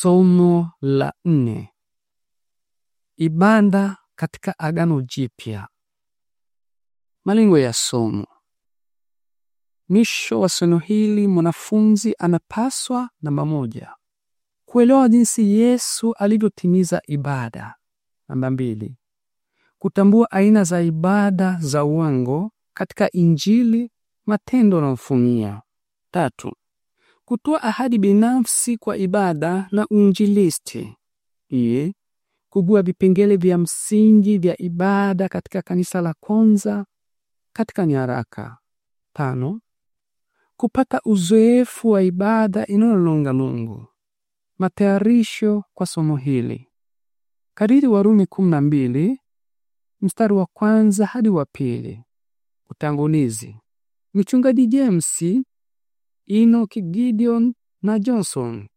Somo la nne: ibada katika Agano Jipya. Malengo ya somo. Mwisho wa somo hili, mwanafunzi anapaswa namba moja, kuelewa jinsi Yesu alivyotimiza ibada. Namba mbili, kutambua aina za ibada za uwango katika Injili, Matendo na mfumia Tatu, kutoa ahadi binafsi kwa ibada na uinjilisti. Iye, kugua vipengele vya msingi vya ibada katika kanisa la kwanza katika nyaraka. Tano, kupata uzoefu wa ibada inayolonga Mungu. Matayarisho kwa somo hili kadiri Warumi 12 mstari wa kwanza hadi wa pili. Utangulizi. Mchungaji James Enoch Gideon na Johnson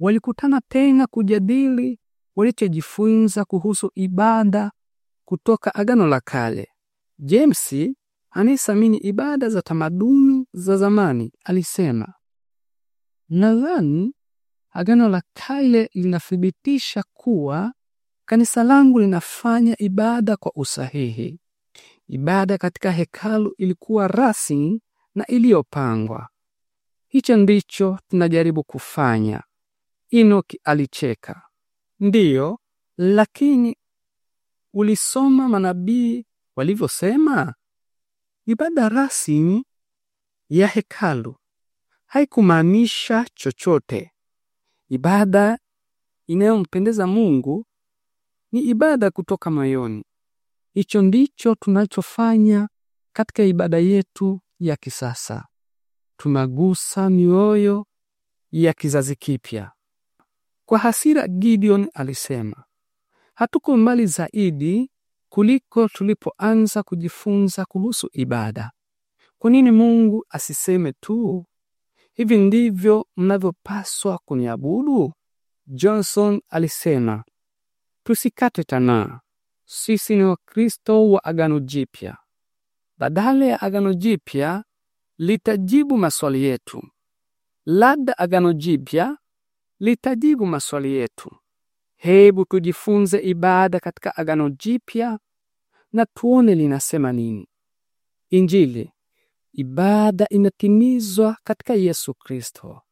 walikutana tena kujadili walichojifunza kuhusu ibada kutoka Agano la Kale. James anayesamini ibada za tamaduni za zamani alisema, nadhani Agano la Kale linathibitisha kuwa kanisa langu linafanya ibada kwa usahihi. Ibada katika hekalu ilikuwa rasmi na iliyopangwa. Hicho ndicho tunajaribu kufanya. Enoki alicheka. Ndiyo, lakini ulisoma manabii walivyosema? Ibada rasmi ya hekalu haikumaanisha chochote. Ibada inayompendeza Mungu ni ibada kutoka moyoni. Hicho ndicho tunachofanya katika ibada yetu ya kisasa tunagusa mioyo ya kizazi kipya. Kwa hasira, Gideon alisema, hatuko mbali zaidi kuliko tulipoanza kujifunza kuhusu ibada. Kwa nini Mungu asiseme tu hivi ndivyo mnavyopaswa kuniabudu? Johnson alisema, tusikate tamaa, sisi ni Wakristo wa Agano Jipya. Badala ya Agano Jipya litajibu maswali yetu. Labda Agano Jipya litajibu maswali yetu. Hebu tujifunze ibada katika Agano Jipya na tuone linasema nini. Injili. Ibada inatimizwa katika Yesu Kristo.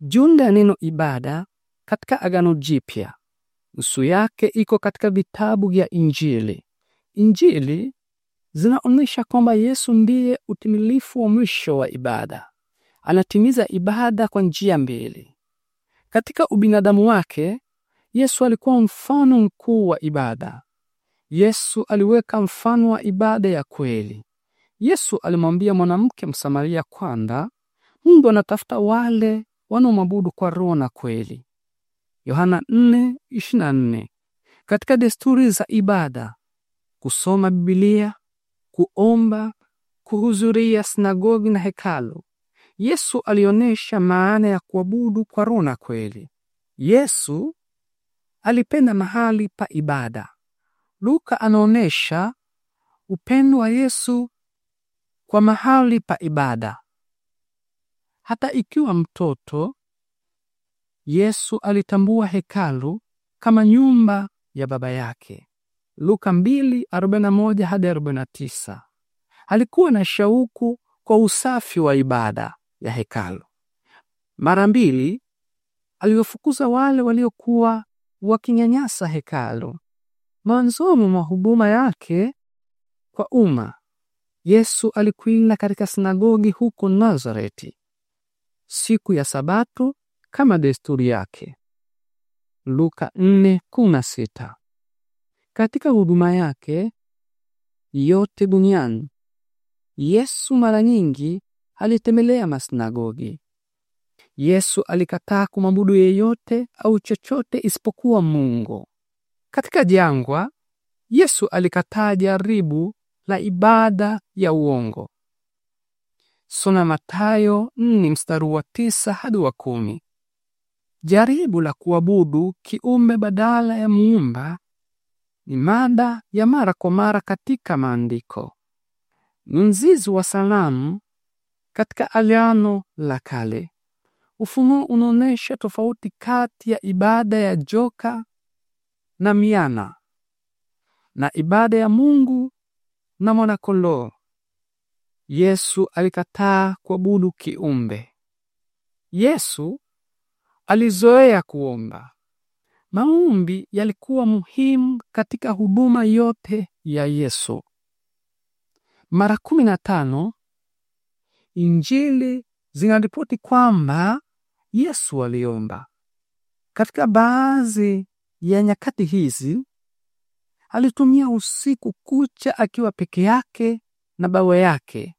Jumla ya neno ibada katika Agano Jipya nusu yake iko katika vitabu vya Injili. Injili zinaonyesha kwamba Yesu ndiye utimilifu wa mwisho wa ibada. Anatimiza ibada kwa njia mbili. Katika ubinadamu wake, Yesu alikuwa mfano mkuu wa ibada. Yesu aliweka mfano wa ibada ya kweli. Yesu alimwambia mwanamke Msamaria kwamba Mungu anatafuta wale wanaomwabudu kwa roho na kweli. Yohana 4:24. Katika desturi za ibada, kusoma Biblia, kuomba, kuhudhuria sinagogi na hekalu. Yesu alionyesha maana ya kuabudu kwa roho na kweli. Yesu alipenda mahali pa ibada. Luka anaonesha upendo wa Yesu kwa mahali pa ibada. Hata ikiwa mtoto, Yesu alitambua hekalu kama nyumba ya Baba yake. Luka 2:41 hadi 49. Alikuwa na shauku kwa usafi wa ibada ya hekalu. Mara mbili aliwafukuza wale waliokuwa wakinyanyasa hekalu. Mwanzoni mwa huduma yake kwa umma, Yesu alikuila katika sinagogi huko Nazareti siku ya Sabato kama desturi yake. Luka 4:16. Katika huduma yake yote duniani, Yesu mara nyingi alitembelea masinagogi. Yesu alikataa kumwabudu yeyote au chochote isipokuwa Mungu. Katika jangwa, Yesu alikataa jaribu la ibada ya uongo. Soma Mathayo 4 mstari wa tisa hadi wa kumi. Jaribu la kuabudu kiumbe badala ya muumba ni mada ya mara kwa mara katika maandiko. Ni mzizi wa salamu katika Agano la Kale. Ufunuo unaonesha tofauti kati ya ibada ya joka na miana na ibada ya Mungu na mwanakondoo. Yesu alikataa kuabudu kiumbe. Yesu alizoea kuomba. Maombi yalikuwa muhimu katika huduma yote ya Yesu. Mara kumi na tano Injili zinaripoti kwamba Yesu aliomba. Katika baadhi ya nyakati hizi alitumia usiku kucha akiwa peke yake na Baba yake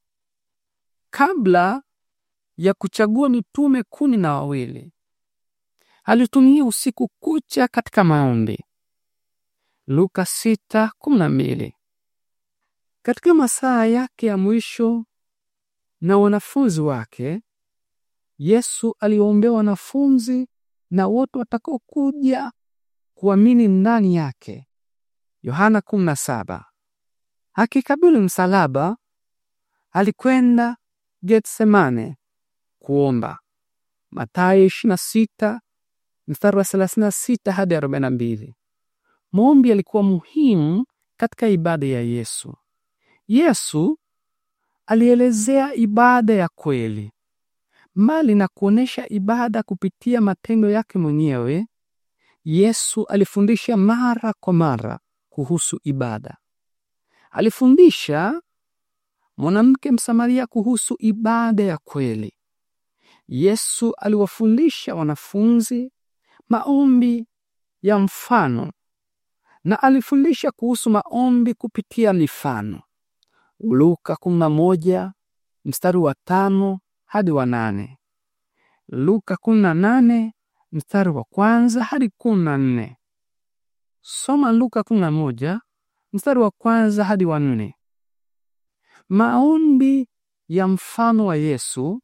kabla ya kuchagua mitume kumi na wawili alitumia usiku kucha katika maombi. Luka 6:12. Katika masaa yake ya mwisho na wanafunzi wake, Yesu aliombea wanafunzi na wote watakaokuja kuamini ndani yake. Yohana 17. Akikabili msalaba, alikwenda Getsemane kuomba. Mathayo 26 mstari wa 36 hadi 42. Maombi yalikuwa muhimu katika ibada ya Yesu. Yesu alielezea ibada ya kweli mali na kuonesha ibada kupitia matendo yake mwenyewe. Yesu alifundisha mara kwa mara kuhusu ibada. Alifundisha mwanamke Msamaria kuhusu ibada ya kweli. Yesu aliwafundisha wanafunzi maombi ya mfano, na alifundisha kuhusu maombi kupitia mifano. Luka 11 mstari wa tano hadi wa nane. Luka 18 mstari wa kwanza hadi nne. Soma Luka 11 mstari wa kwanza hadi wa nne. Maombi ya mfano wa Yesu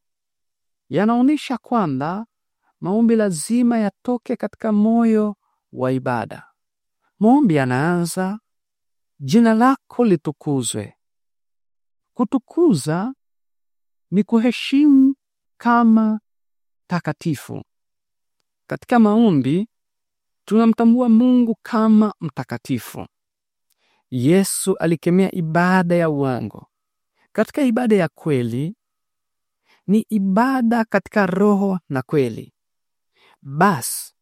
yanaonyesha kwamba Maombi lazima yatoke katika moyo wa ibada. Maombi yanaanza jina lako litukuzwe. Kutukuza ni kuheshimu kama takatifu. Katika maombi tunamtambua Mungu kama mtakatifu. Yesu alikemea ibada ya uongo. Katika ibada ya kweli ni ibada katika roho na kweli. Basi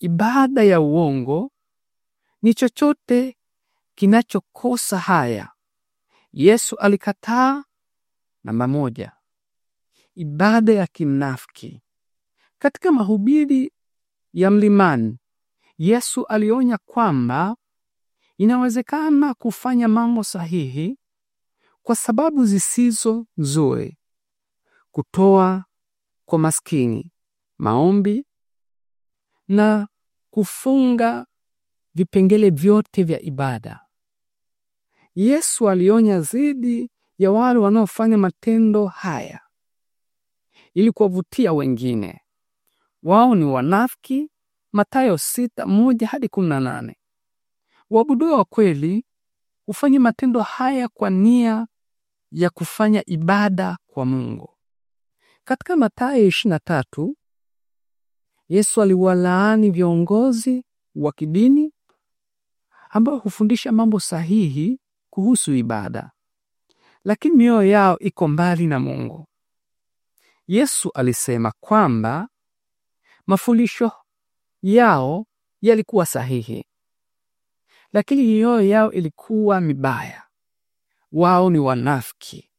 ibada ya uongo ni chochote kinachokosa haya. Yesu alikataa. Namba moja, ibada ya kimnafiki. Katika mahubiri ya mlimani, Yesu alionya kwamba inawezekana kufanya mambo sahihi kwa sababu zisizo nzuri, kutoa kwa maskini, maombi na kufunga vipengele vyote vya ibada. Yesu alionya dhidi ya wale wanaofanya matendo haya ili kuwavutia wengine. Wao ni wanafiki, Mathayo moja hadi 18. Waabudu wa kweli hufanya matendo haya kwa nia ya kufanya ibada kwa Mungu. Katika Mathayo 23 Yesu aliwalaani viongozi wa kidini ambao hufundisha mambo sahihi kuhusu ibada, lakini mioyo yao iko mbali na Mungu. Yesu alisema kwamba mafundisho yao yalikuwa sahihi, lakini mioyo yao ilikuwa mibaya. Wao ni wanafiki.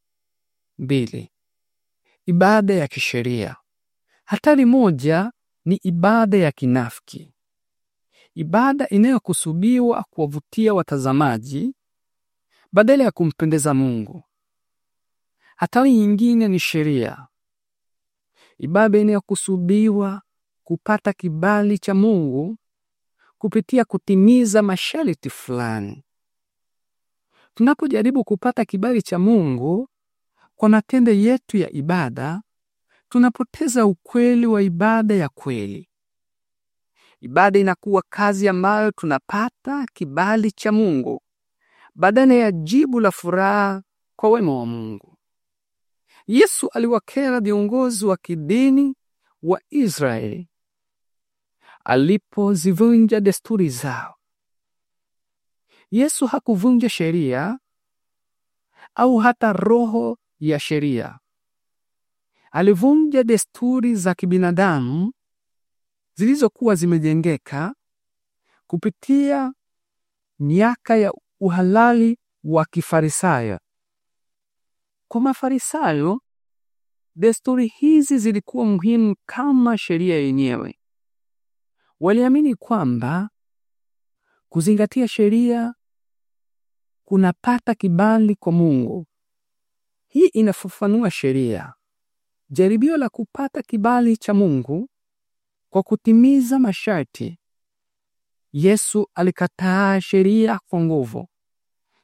Mbili, ibada ya kisheria. Hatari moja ni ibada ya kinafiki, ibada inayokusudiwa kuwavutia watazamaji badala ya kumpendeza Mungu. Hatari nyingine ni sheria, ibada inayokusudiwa kupata kibali cha Mungu kupitia kutimiza masharti fulani. Tunapojaribu kupata kibali cha Mungu kwa matendo yetu ya ibada, tunapoteza ukweli wa ibada ya kweli. Ibada inakuwa kazi ambayo tunapata kibali cha Mungu badala ya jibu la furaha kwa wema wa Mungu. Yesu aliwakera viongozi wa kidini wa Israeli alipozivunja desturi zao. Yesu hakuvunja sheria au hata roho ya sheria. Alivunja desturi za kibinadamu zilizokuwa zimejengeka kupitia miaka ya uhalali wa Kifarisayo. Kwa Mafarisayo, desturi hizi zilikuwa muhimu kama sheria yenyewe. Waliamini kwamba kuzingatia sheria kunapata kibali kwa Mungu. Hii inafafanua sheria Jaribio la kupata kibali cha Mungu kwa kutimiza masharti. Yesu alikataa sheria kwa nguvu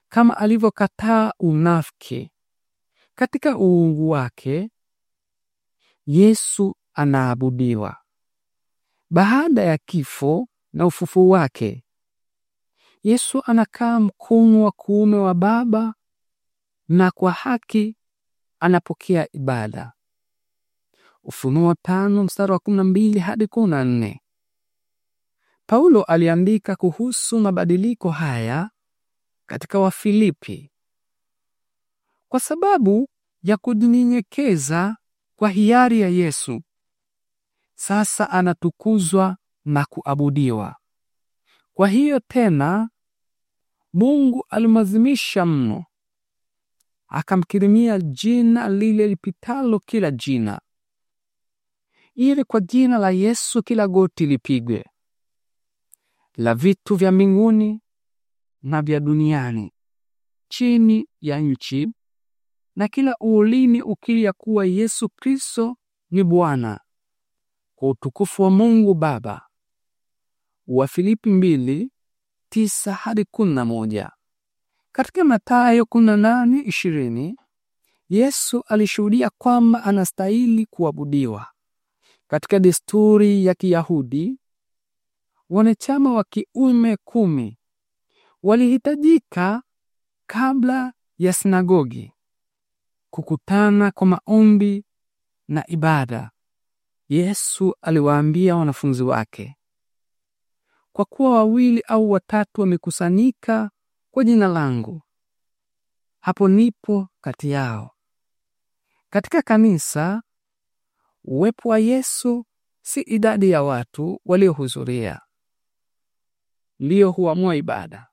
kama alivyokataa unafiki. Katika uungu wake, Yesu anaabudiwa. Baada ya kifo na ufufuo wake, Yesu anakaa mkono wa kuume wa Baba na kwa haki anapokea ibada. Ufunuo tano mstari wa kumi na mbili hadi kumi na nne. Paulo aliandika kuhusu mabadiliko haya katika Wafilipi kwa sababu ya kujinyenyekeza kwa hiari ya Yesu. Sasa anatukuzwa na kuabudiwa. Kwa hiyo tena Mungu alimazimisha mno, akamkirimia jina lile lipitalo kila jina, ili kwa jina la Yesu kila goti lipigwe la vitu vya mbinguni na vya duniani chini ya nchi, na kila ulimi ukiri ya kuwa Yesu Kristo ni Bwana kwa utukufu wa Mungu Baba. Wafilipi mbili tisa hadi kumi na moja. Katika Mathayo ishirini Yesu alishuhudia kwamba anastahili kuabudiwa. Katika desturi ya Kiyahudi, wanachama wa kiume kumi walihitajika kabla ya sinagogi kukutana kwa maombi na ibada. Yesu aliwaambia wanafunzi wake, kwa kuwa wawili au watatu wamekusanyika kwa jina langu, hapo nipo kati yao. Katika kanisa Uwepo wa Yesu si idadi ya watu waliohudhuria ndiyo huamua ibada.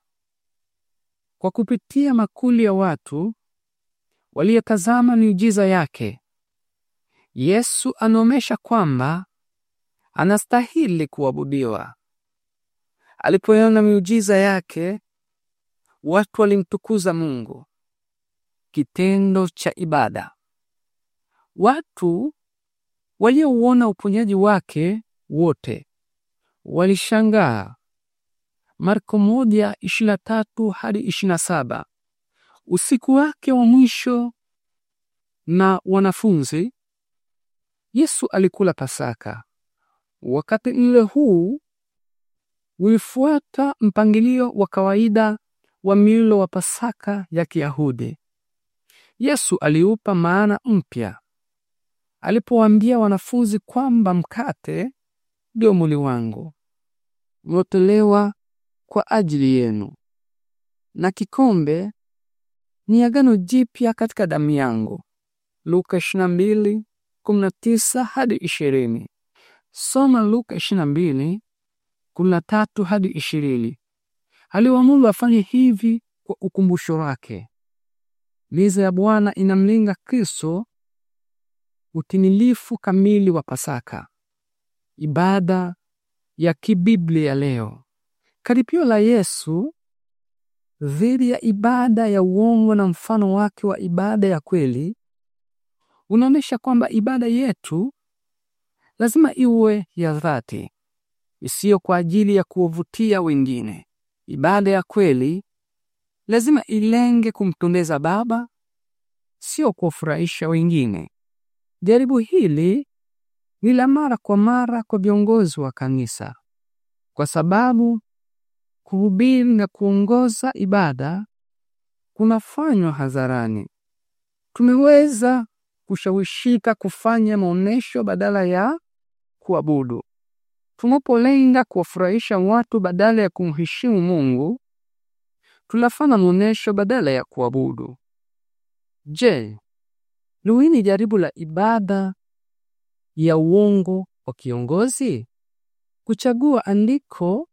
Kwa kupitia makuli ya watu waliotazama miujiza yake, Yesu anaonyesha kwamba anastahili kuabudiwa. Alipoona miujiza yake, watu walimtukuza Mungu. Kitendo cha ibada, watu Waliouona uponyaji wake wote walishangaa. Marko moja ishirini na tatu hadi ishirini na saba. Usiku wake wa mwisho na wanafunzi, Yesu alikula Pasaka. Wakati mlo huu ulifuata mpangilio wa kawaida wa milo wa Pasaka ya Kiyahudi. Yesu aliupa maana mpya alipowaambia wanafunzi kwamba mkate ndio mwili wangu uliotolewa kwa ajili yenu, na kikombe ni agano jipya katika damu yangu. Luka 22:19 hadi 20. Soma Luka 22:13 hadi 20. Aliwaamuru afanye hivi kwa ukumbusho wake. Meza ya Bwana inamlinga Kristo utinilifu kamili wa Pasaka, ibada ya kibiblia leo, karipio la Yesu dhidi ya ibada ya uongo na mfano wake wa ibada ya kweli unaonyesha kwamba ibada yetu lazima iwe ya dhati, isiyo kwa ajili ya kuwavutia wengine. Ibada ya kweli lazima ilenge kumtundeza Baba, sio kuwafurahisha wengine. Jaribu hili ni la mara kwa mara kwa viongozi wa kanisa, kwa sababu kuhubiri na kuongoza ibada kunafanywa hadharani. Tumeweza kushawishika kufanya maonesho badala ya kuabudu. Tunapolenga kuwafurahisha watu badala ya kumheshimu Mungu, tunafanya maonesho badala ya kuabudu. Je, Luhii ni jaribu la ibada ya uongo wa kiongozi? Kuchagua andiko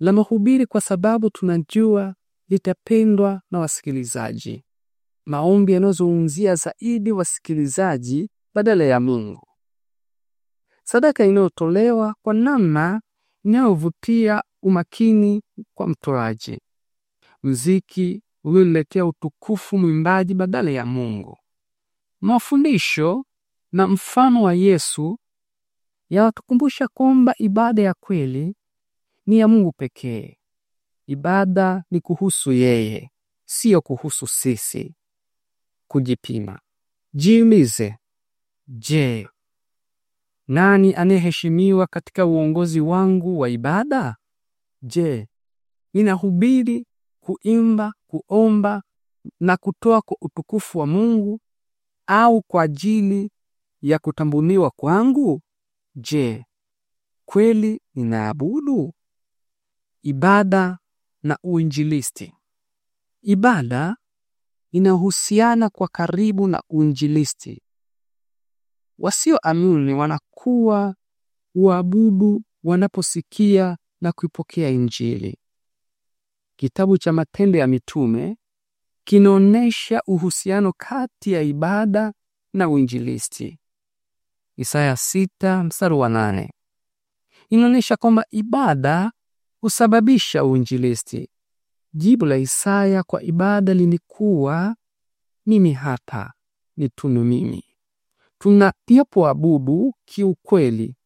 la mahubiri kwa sababu tunajua litapendwa na wasikilizaji. Maombi yanayozungumzia zaidi wasikilizaji badala ya Mungu. Sadaka inayotolewa kwa namna inayovutia umakini kwa mtoaji. Muziki ulioletea utukufu mwimbaji badala ya Mungu. Mafundisho na mfano wa Yesu yanatukumbusha kwamba ibada ya kweli ni ya Mungu pekee. Ibada ni kuhusu yeye, siyo kuhusu sisi. Kujipima. Jiulize, je, nani anayeheshimiwa katika uongozi wangu wa ibada? Je, ninahubiri, kuimba, kuomba na kutoa kwa utukufu wa Mungu au kwa ajili ya kutambuliwa kwangu? Je, kweli ninaabudu? Ibada na uinjilisti. Ibada inahusiana kwa karibu na uinjilisti. Wasioamini wanakuwa waabudu wanaposikia na kuipokea Injili. Kitabu cha Matendo ya Mitume kinaonyesha uhusiano kati ya ibada na uinjilisti. Isaya sita mstari wa inaonyesha kwamba ibada husababisha uinjilisti. Jibu la Isaya kwa ibada lilikuwa mimi hapa, nitunu mimi. Tunapoabudu kiukweli,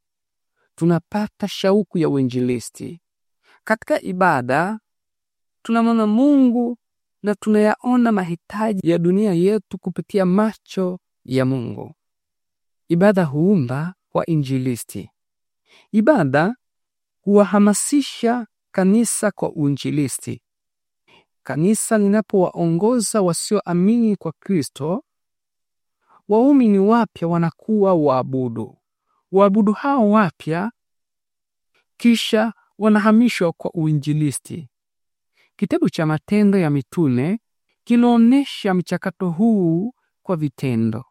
tunapata shauku ya uinjilisti. Katika ibada tunamwona Mungu na tunayaona mahitaji ya dunia yetu kupitia macho ya Mungu. Ibada huumba wainjilisti. Ibada huwahamasisha kanisa kwa uinjilisti. Kanisa linapowaongoza wasioamini kwa Kristo, waumini wapya wanakuwa waabudu. Waabudu hao wapya kisha wanahamishwa kwa uinjilisti. Kitabu cha Matendo ya Mitume kinaonyesha mchakato huu kwa vitendo.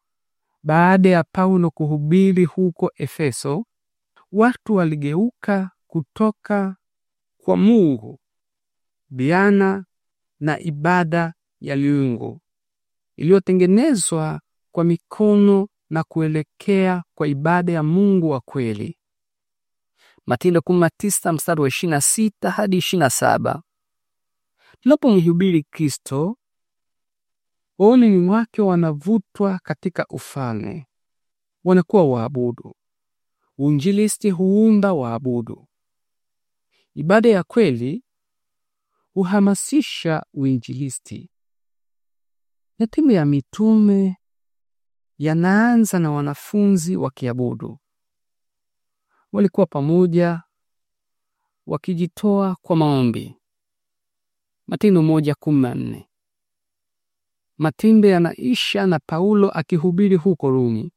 Baada ya Paulo kuhubiri huko Efeso, watu waligeuka kutoka kwa Mungu biana na ibada ya miungu iliyotengenezwa kwa mikono na kuelekea kwa ibada ya Mungu wa kweli. Matendo 19 mstari wa 26 hadi Unapomhubiri Kristo, waumini wake wanavutwa katika ufalme, wanakuwa waabudu. Uinjilisti huunda waabudu. Ibada ya kweli huhamasisha uinjilisti. Na timu ya mitume yanaanza na wanafunzi wakiabudu. Walikuwa pamoja wakijitoa kwa maombi. Matendo moja kumi na nne. Matimbe yanaisha na Paulo akihubiri huko Rumi.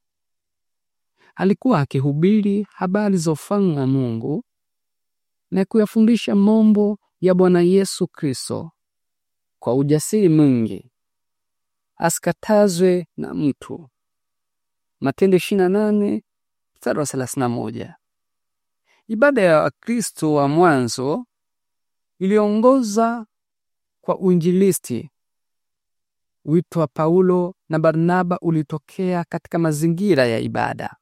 Alikuwa akihubiri habari za ufalme wa Mungu na kuyafundisha mambo ya Bwana Yesu Kristo kwa ujasiri mwingi, asikatazwe na mtu. Matendo 28 mstari wa 31. Ibada ya Wakristo wa mwanzo iliongoza kwa uinjilisti. Wito wa Paulo na Barnaba ulitokea katika mazingira ya ibada.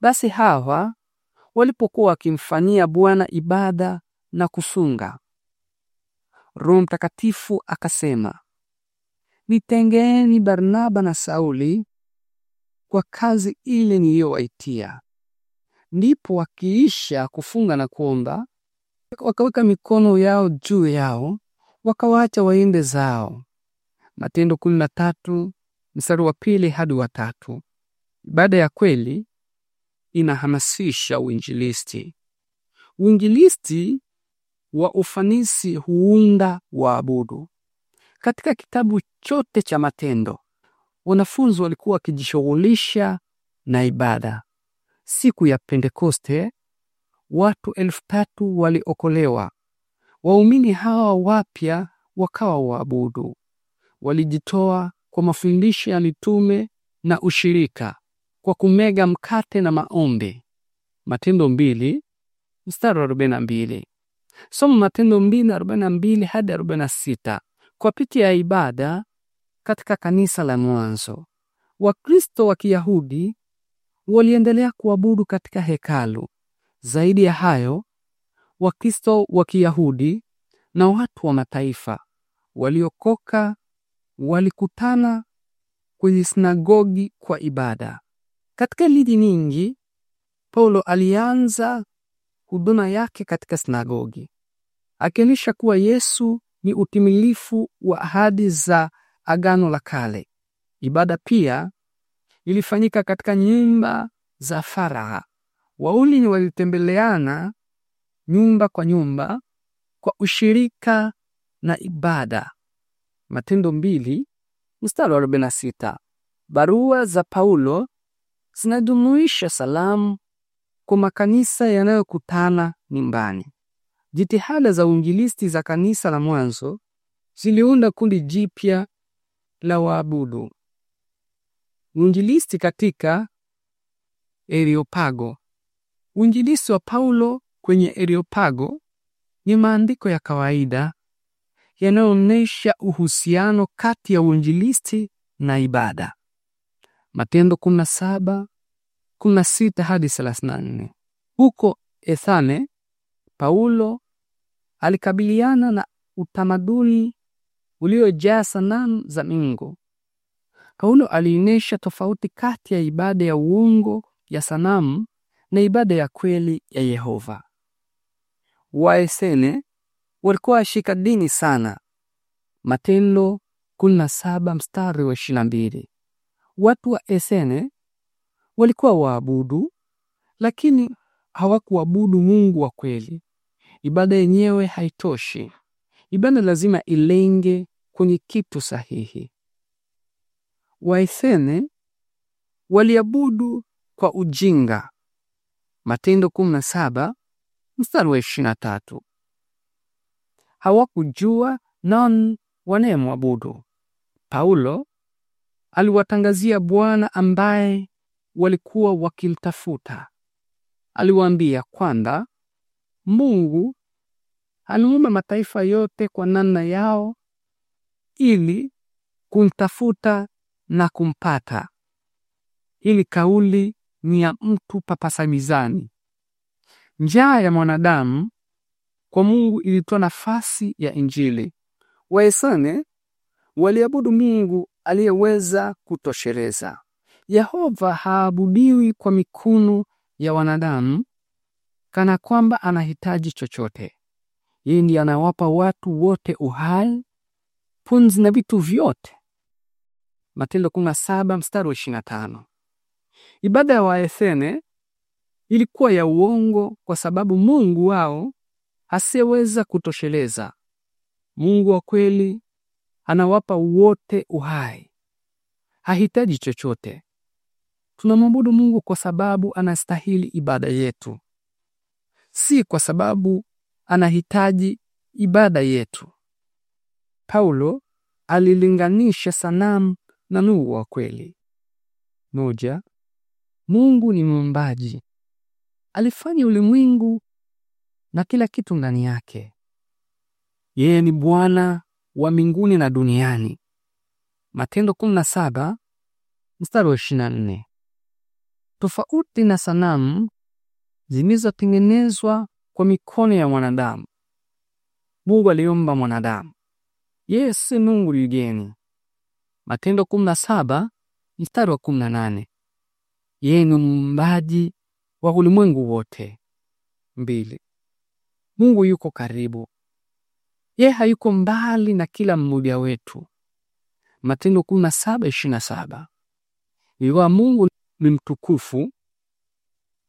Basi hawa walipokuwa wakimfanyia Bwana ibada na kusunga, Roho Mtakatifu akasema, nitengeeni Barnaba na Sauli kwa kazi ile niliyowaitia. Ndipo wakiisha kufunga na kuomba, wakaweka mikono yao juu yao, wakawaacha waende zao. Matendo kumi na tatu mstari wa pili hadi wa tatu. Ibada ya kweli inahamasisha uinjilisti. Uinjilisti wa ufanisi huunda waabudu. Katika kitabu chote cha Matendo, wanafunzi walikuwa wakijishughulisha na ibada. Siku ya Pentekoste watu elfu tatu waliokolewa Waumini hawa wapya wakawa waabudu, walijitoa kwa mafundisho ya mitume na ushirika kwa kumega mkate na maombi. Matendo mbili mstari wa mbili. Somo Matendo mbili arobaini na mbili hadi arobaini na sita kwa piti ya ibada katika kanisa la mwanzo. Wakristo wa Kiyahudi waliendelea kuabudu katika hekalu. Zaidi ya hayo, Wakristo wa Kiyahudi na watu wa mataifa waliokoka walikutana kwenye sinagogi kwa ibada. Katika lidi nyingi, Paulo alianza huduma yake katika sinagogi, akionyesha kuwa Yesu ni utimilifu wa ahadi za Agano la Kale. Ibada pia ilifanyika katika nyumba za faraha. Waumini walitembeleana nyumba kwa nyumba kwa ushirika na ibada. Matendo mbili mstari wa sita. Barua za Paulo zinajumuisha salamu kwa makanisa yanayokutana nyumbani. Jitihada za uinjilisti za kanisa la mwanzo ziliunda kundi jipya la waabudu. Uinjilisti katika Areopago. Uinjilisti wa Paulo kwenye Areopago ni maandiko ya kawaida yanayoonyesha uhusiano kati ya uinjilisti na ibada. Matendo 17 hadi 34. Huko Ethane, Paulo alikabiliana na utamaduni uliojaa sanamu za miungu. Paulo alionyesha tofauti kati ya ibada ya uongo ya sanamu na ibada ya kweli ya Yehova. Waesene walikuwa washika dini sana. Matendo 17 mstari wa 22. Watu wa Esene walikuwa waabudu, lakini hawakuabudu Mungu wa kweli. Ibada yenyewe haitoshi. Ibada lazima ilenge kwenye kitu sahihi. Waesene waliabudu kwa ujinga. Matendo mstari wa ishirini na tatu. Hawakujua nani wanayemwabudu. Paulo aliwatangazia Bwana ambaye walikuwa wakimtafuta Aliwaambia kwamba Mungu aliumba mataifa yote kwa namna yao ili kumtafuta na kumpata. Hili kauli ni ya mtu papasamizani Njaa ya mwanadamu kwa Mungu ilitoa nafasi ya Injili. Waesane waliabudu Mungu aliyeweza kutosheleza. Yehova haabudiwi kwa mikono ya wanadamu kana kwamba anahitaji chochote. Yeye ndiye anawapa watu wote uhai, punzi na vitu vyote. Matendo 17 mstari wa 25. Ibada ya Waesene ilikuwa ya uongo kwa sababu Mungu wao asiyeweza kutosheleza. Mungu wa kweli anawapa wote uhai, hahitaji chochote. Tunamwabudu Mungu kwa sababu anastahili ibada yetu, si kwa sababu anahitaji ibada yetu. Paulo alilinganisha sanamu na Mungu wa kweli. Moja, Mungu ni muumbaji alifanya ulimwengu na kila kitu ndani yake. Yeye ni Bwana wa mbinguni na duniani. Matendo 17 mstari wa 24. Tofauti na sanamu zilizotengenezwa kwa mikono ya mwanadamu, Mungu aliumba mwanadamu. Yeye si Mungu ligeni. Matendo 17 mstari wa 18. Yeye ni muumbaji wa ulimwengu wote. Mbili, Mungu yuko karibu, ye hayuko mbali na kila mmoja wetu. Matendo 17:27. Ingawa Mungu ni mtukufu,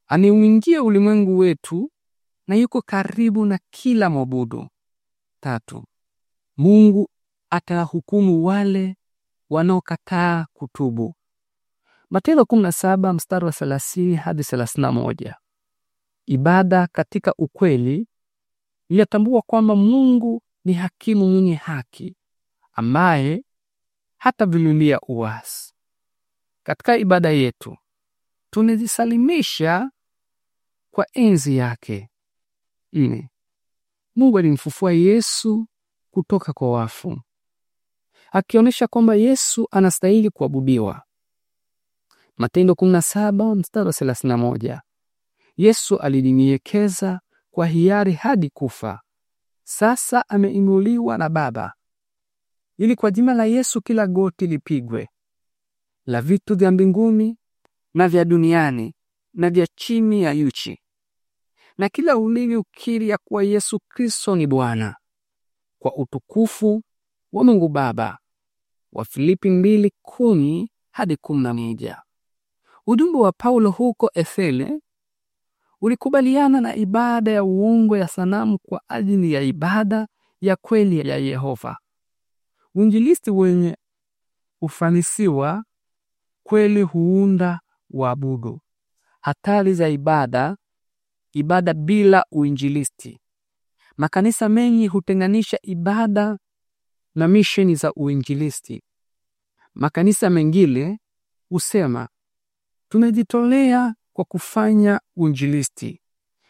aniuingia ulimwengu wetu na yuko karibu na kila mwabudu. Tatu, Mungu atahukumu wale wanaokataa kutubu. Matendo 17 mstari wa 30 hadi 31. Ibada katika ukweli inatambua kwamba Mungu ni hakimu mwenye haki ambaye hatavumilia uasi. Katika ibada yetu tunajisalimisha kwa enzi yake. Nne, Mungu alimfufua Yesu kutoka kwa wafu, akionyesha kwamba Yesu anastahili kuabudiwa. Matendo 17 mstari wa 31. Yesu alijinyenyekeza kwa hiari hadi kufa. Sasa ameinuliwa na Baba ili kwa jina la Yesu kila goti lipigwe, la vitu vya mbinguni na vya duniani na vya chini ya yuchi na kila ulimi ukiri ya kuwa Yesu Kristo ni Bwana, kwa utukufu wa Mungu Baba. Wafilipi 2:10 hadi 11. Ujumbe wa Paulo huko Efele ulikubaliana na ibada ya uongo ya sanamu kwa ajili ya ibada ya kweli ya Yehova. Uinjilisti wenye ufanisiwa kweli huunda waabudu. Hatari za ibada ibada bila uinjilisti. Makanisa mengi hutenganisha ibada na misheni za uinjilisti. Makanisa mengine husema Tunajitolea kwa kufanya uinjilisti.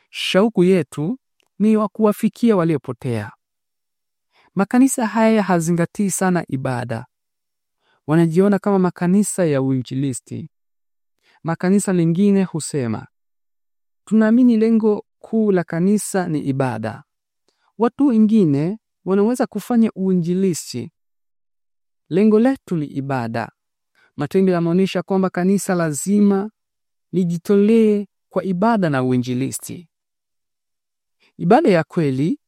Shauku yetu ni wa kuwafikia waliopotea. Makanisa haya hazingatii sana ibada, wanajiona kama makanisa ya uinjilisti. Makanisa mengine husema, tunaamini lengo kuu la kanisa ni ibada. Watu wengine wanaweza kufanya uinjilisti, lengo letu ni ibada. Matendo yanaonyesha kwamba kanisa lazima lijitolee kwa ibada na uinjilisti. Ibada ya kweli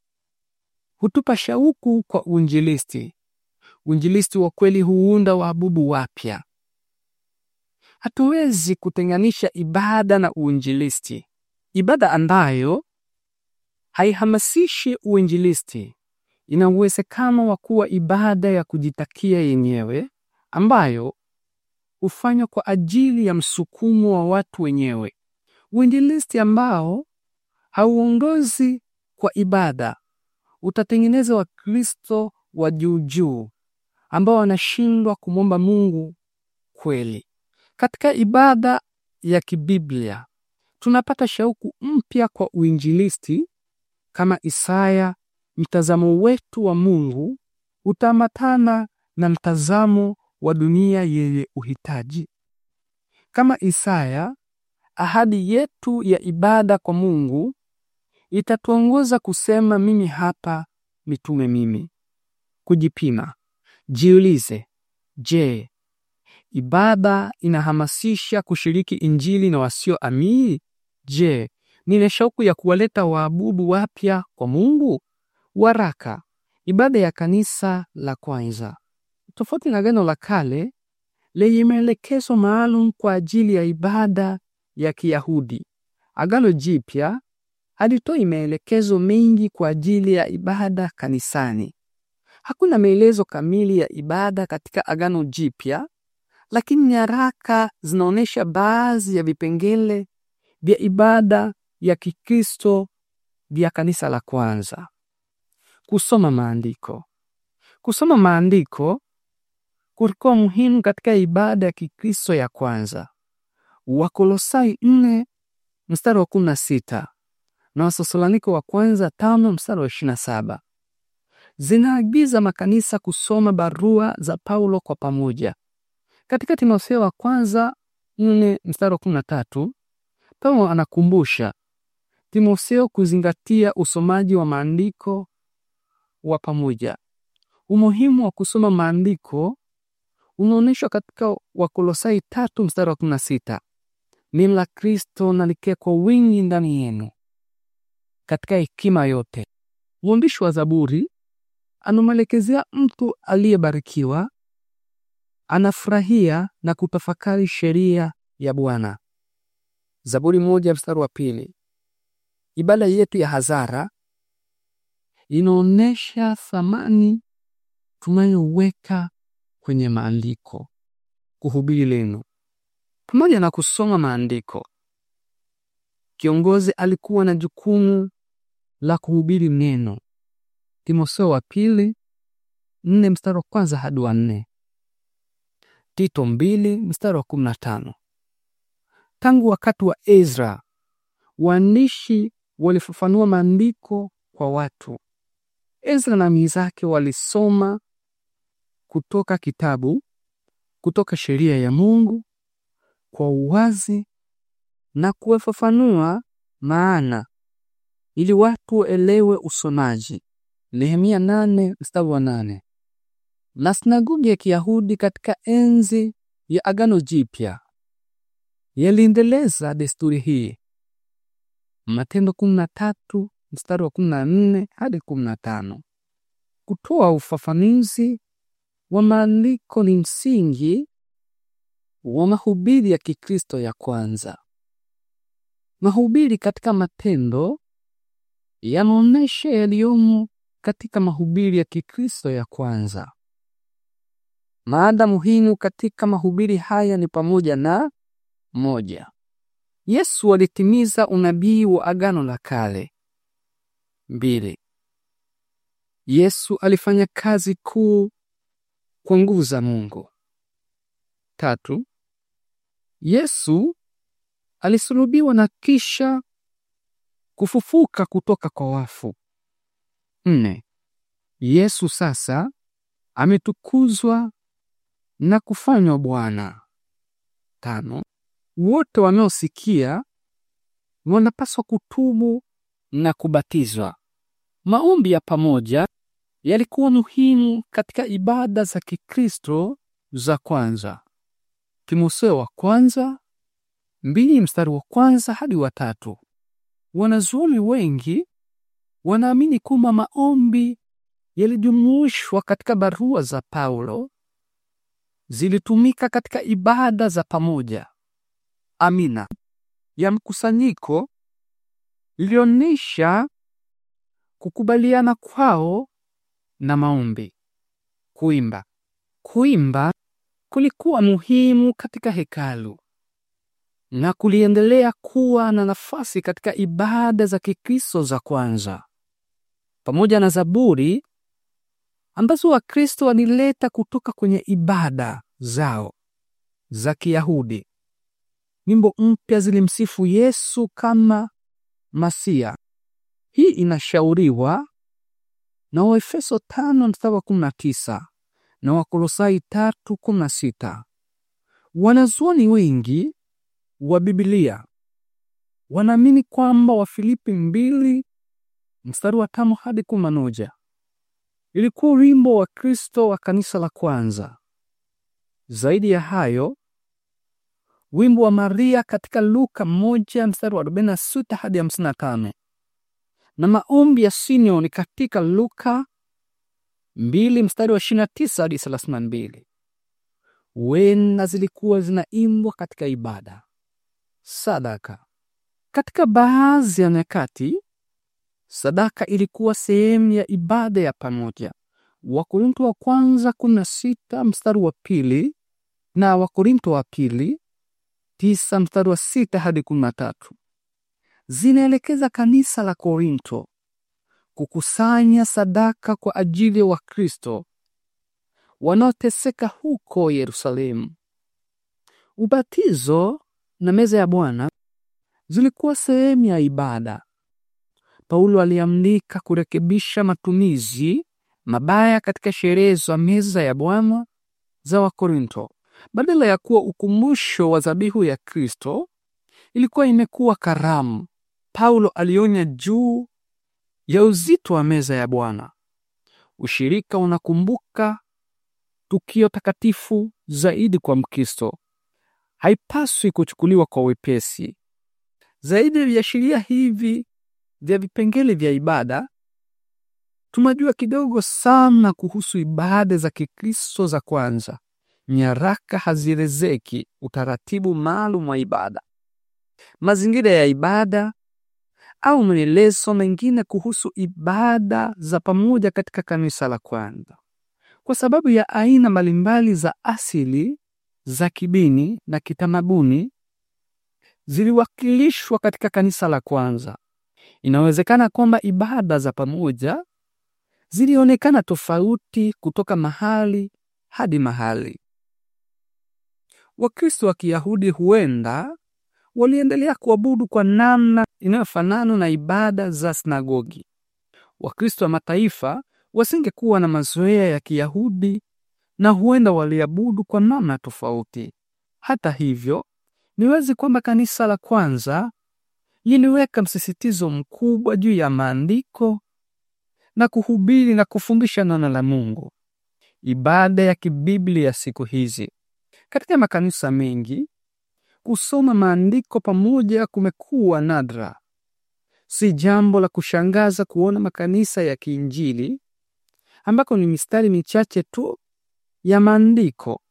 hutupa shauku kwa uinjilisti. Uinjilisti wa kweli huunda waabudu wapya. Hatuwezi kutenganisha ibada na uinjilisti. Ibada ambayo haihamasishi uinjilisti ina uwezekano wa kuwa ibada ya kujitakia yenyewe ambayo hufanywa kwa ajili ya msukumo wa watu wenyewe, uinjilisti ambao hauongozi kwa ibada. Utatengeneza Wakristo wa juujuu ambao wanashindwa kumwomba Mungu kweli. Katika ibada ya kibiblia tunapata shauku mpya kwa uinjilisti kama Isaya. Mtazamo wetu wa Mungu utaambatana na mtazamo wa dunia yenye uhitaji. Kama Isaya, ahadi yetu ya ibada kwa Mungu itatuongoza kusema mimi hapa, mitume mimi. Kujipima, jiulize, je, ibada inahamasisha kushiriki injili na wasioamini? Je, nina shauku ya kuwaleta waabudu wapya kwa Mungu? Waraka, ibada ya kanisa la kwanza tofauti na Agano la Kale lenye maelekezo maalum kwa ajili ya ibada ya Kiyahudi. Agano Jipya halitoi maelekezo mengi kwa ajili ya ibada kanisani. Hakuna maelezo kamili ya ibada katika Agano Jipya, lakini nyaraka zinaonyesha baadhi ya vipengele vya ibada ya Kikristo vya kanisa la kwanza. Kusoma maandiko. Kusoma maandiko kulikuwa muhimu katika ibada ya Kikristo ya kwanza. Wakolosai 4 mstari wa na sita na wa kwanza tano mstari wa saba zinaagiza makanisa kusoma barua za Paulo kwa pamoja. Katika Timotheo wa kwanza 4 mstari wa tatu Paulo anakumbusha Timotheo kuzingatia usomaji wa maandiko wa pamoja. Umuhimu wa kusoma maandiko unaonyeshwa katika Wakolosai tatu mstari wa kumi na sita neno la Kristo nalikee kwa wingi ndani yenu katika hekima yote. Mwandishi wa Zaburi anamwelekezea mtu aliyebarikiwa, anafurahia na kutafakari sheria ya Bwana. Zaburi moja mstari wa pili. Ibada yetu ya hazara inaonyesha thamani tunayoweka kwenye maandiko, kuhubiri neno pamoja na kusoma maandiko. Kiongozi alikuwa na jukumu la kuhubiri neno. Timotheo wa pili nne mstari wa kwanza hadi wa nne. Tito mbili mstari wa kumi na tano. Tangu wakati wa Ezra waandishi walifafanua maandiko kwa watu. Ezra na mizake walisoma kutoka kitabu, kutoka sheria ya Mungu kwa uwazi na kuwafafanua maana ili watu waelewe usomaji. Nehemia nane mstari wa nane. Na sinagogi ya Kiyahudi katika enzi ya Agano Jipya yaliendeleza desturi hii. Matendo 13 mstari wa 14 hadi 15, kutoa ufafanuzi wa maandiko ni msingi wa mahubiri ya Kikristo ya kwanza. Mahubiri katika matendo yanaonesha yaliyomo katika mahubiri ya Kikristo ya kwanza. Maada muhimu katika mahubiri haya ni pamoja na moja, Yesu alitimiza unabii wa Agano la Kale. Mbili, Yesu alifanya kazi kuu kwa nguvu za Mungu. Tatu, Yesu alisulubiwa na kisha kufufuka kutoka kwa wafu. Nne, Yesu sasa ametukuzwa na kufanywa Bwana. Tano, wote wanaosikia wanapaswa kutubu na kubatizwa. Maombi ya pamoja yalikuwa muhimu katika ibada za Kikristo za kwanza. Timotheo wa kwanza mbili mstari wa kwanza hadi wa tatu. Wanazuoni wengi wanaamini kwamba maombi yalijumuishwa katika barua za Paulo zilitumika katika ibada za pamoja amina ya mkusanyiko ilionyesha kukubaliana kwao na maombi. Kuimba. Kuimba kulikuwa muhimu katika hekalu na kuliendelea kuwa na nafasi katika ibada za Kikristo za kwanza, pamoja na zaburi ambazo Wakristo walileta kutoka kwenye ibada zao za Kiyahudi. Nyimbo mpya zilimsifu Yesu kama Masia. Hii inashauriwa na Waefeso 5:19 na Wakolosai 3:16. Wanazuoni wengi wa Biblia wanaamini kwamba Wafilipi mbili mstari wa tano hadi kumi na moja ilikuwa wimbo wa Kristo wa kanisa la kwanza. Zaidi ya hayo, wimbo wa Maria katika Luka moja mstari wa 46 hadi 55 na maombi ya Simeoni katika Luka 2 mstari wa 29 hadi 32. Wenda zilikuwa zinaimbwa katika ibada, sadaka. Katika baadhi ya nyakati sadaka ilikuwa sehemu ya ibada ya pamoja. Wakorinto wa kwanza 16 mstari wa pili na Wakorinto wa pili 9 mstari wa sita hadi 13 zinaelekeza kanisa la Korinto kukusanya sadaka kwa ajili ya wa Wakristo wanaoteseka huko Yerusalemu. Ubatizo na meza ya Bwana zilikuwa sehemu ya ibada. Paulo aliamlika kurekebisha matumizi mabaya katika sherehe za meza ya Bwana za Wakorinto. Badala ya kuwa ukumbusho wa dhabihu ya Kristo, ilikuwa imekuwa karamu Paulo alionya juu ya uzito wa meza ya Bwana. Ushirika unakumbuka tukio takatifu zaidi kwa Mkristo, haipaswi kuchukuliwa kwa wepesi. Zaidi ya viashiria hivi vya vipengele vya ibada, tunajua kidogo sana kuhusu ibada za Kikristo za kwanza. Nyaraka hazielezeki utaratibu maalum wa ibada. Mazingira ya ibada au maelezo mengine kuhusu ibada za pamoja katika kanisa la kwanza. Kwa sababu ya aina mbalimbali za asili za kidini na kitamaduni ziliwakilishwa katika kanisa la kwanza, inawezekana kwamba ibada za pamoja zilionekana tofauti kutoka mahali hadi mahali. Wakristo wa Kiyahudi huenda waliendelea kuabudu kwa namna inayofanana na ibada za sinagogi. Wakristo wa mataifa wasingekuwa na mazoea ya Kiyahudi na huenda waliabudu kwa namna tofauti. Hata hivyo, niwezi kwamba kanisa la kwanza liliweka msisitizo mkubwa juu ya maandiko na kuhubiri na kufundisha neno la Mungu. Ibada ya kibiblia siku hizi katika makanisa mengi Kusoma maandiko pamoja kumekuwa nadra. Si jambo la kushangaza kuona makanisa ya kiinjili ambako ni mistari michache tu ya maandiko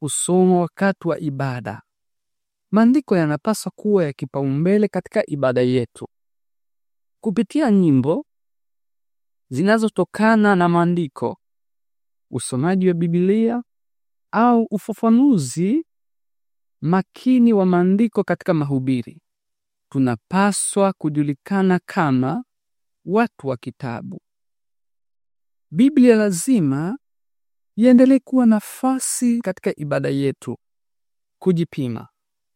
husomwa wakati wa ibada. Maandiko yanapaswa kuwa ya kipaumbele katika ibada yetu. Kupitia nyimbo zinazotokana na maandiko, usomaji wa Biblia au ufafanuzi makini wa maandiko katika mahubiri. Tunapaswa kujulikana kama watu wa kitabu. Biblia lazima iendelee kuwa nafasi katika ibada yetu. Kujipima.